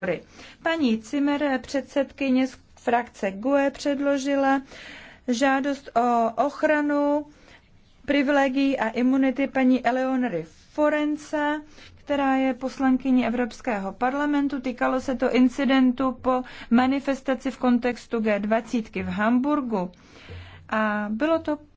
podpory. Paní Cimer, předsedkyně z frakce GUE, předložila žádost o ochranu privilegií a imunity paní Eleonory Forence, která je poslankyní Evropského parlamentu. Týkalo se to incidentu po manifestaci v kontextu G20 v Hamburgu. A bylo to